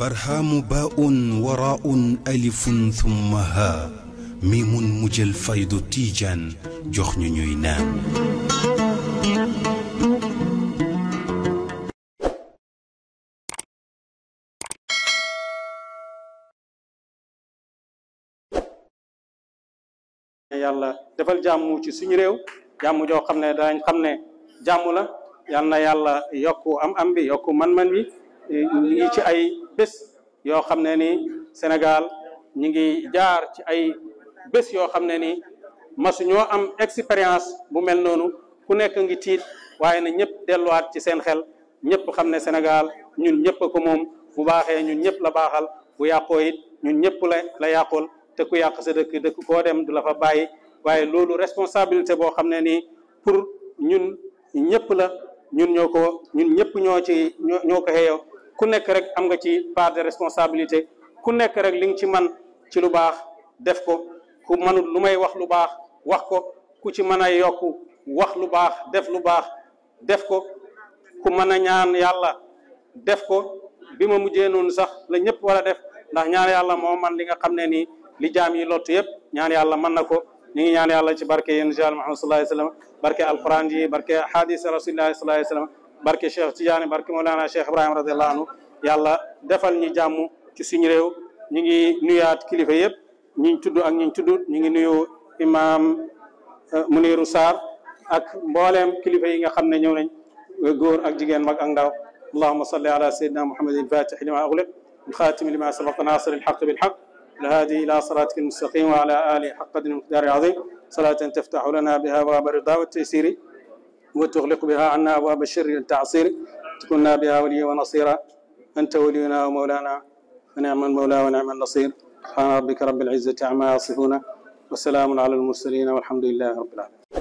barhaamu baaun waraaun alifun thumma haa miimun mujjal faydu tiijaan jox ñu ñuy naan. yàlla defal jàmm ci suñu réew jàmm joo xam ne daañ xam ne jàmm la yal na yàlla yokk am am bi yokku man-man bi ñu ngi ci ay. bés yoo xam ne ni Sénégal ñi ngi jaar ci ay bés yoo xam ne ni ñoo am expérience bu mel noonu ku nekk ngi tiit waaye na ñëpp delluwaat ci seen xel ñëpp xam ne Sénégal ñun ñëpp ko moom bu baaxee ñun ñëpp la baaxal bu yàqoo it ñun ñëpp la la yàqul te ku yàq sa dëkk dëkk koo dem du la fa bàyyi waaye loolu responsabilité boo xam ne nii pour ñun ñëpp la ñun ñoo ko ñun ñëpp ñoo ci ñoo ko xeeyoo ku nekk rek am nga ci part de responsabilité ku nekk rek li nga ci man ci lu baax def ko ku mënul lu may wax lu baax wax ko ku ci mën a yokku wax lu baax def lu baax def ko ku mën a ñaan yàlla def ko bi ma mujjee noonu sax la ñëpp war a def ndax ñaan yàlla moo man li nga xam ne nii li jaam yi lottu yëpp ñaan yàlla mën na ko ñu ngi ñaan yàlla ci barke yéen jal barke alquran ji barke hadis rasulillahi wa sallam barke Cheikh Tidiane barke Mawlana Cheikh ibrahim radhiyallahu anhu yàlla defal ñi jàmm ci suñu rew ñi ngi nuyaat kilifa yeb ñi tuddu ak ñi tuddu ñi ngi nuyu imam Muniru sar ak mbollem kilifa yi nga xamne ñëw nañ góor ak jigen mag ak ndaw allahuma salli ala sayidina muhammadin fatixi lima ugliq الخاتم لما سبق ناصر الحق بالحق الهادي إلى صراطك المستقيم وعلى آله حق قدر المقدار العظيم صلاة تفتح لنا بها باب الرضا والتيسير وتغلق بها عنا أبواب الشر والتعصير تكوننا بها وليا ونصيرا أنت ولينا ومولانا ونعم المولى ونعم النصير سبحان ربك رب العزة عما يصفون وسلام على المرسلين والحمد لله رب العالمين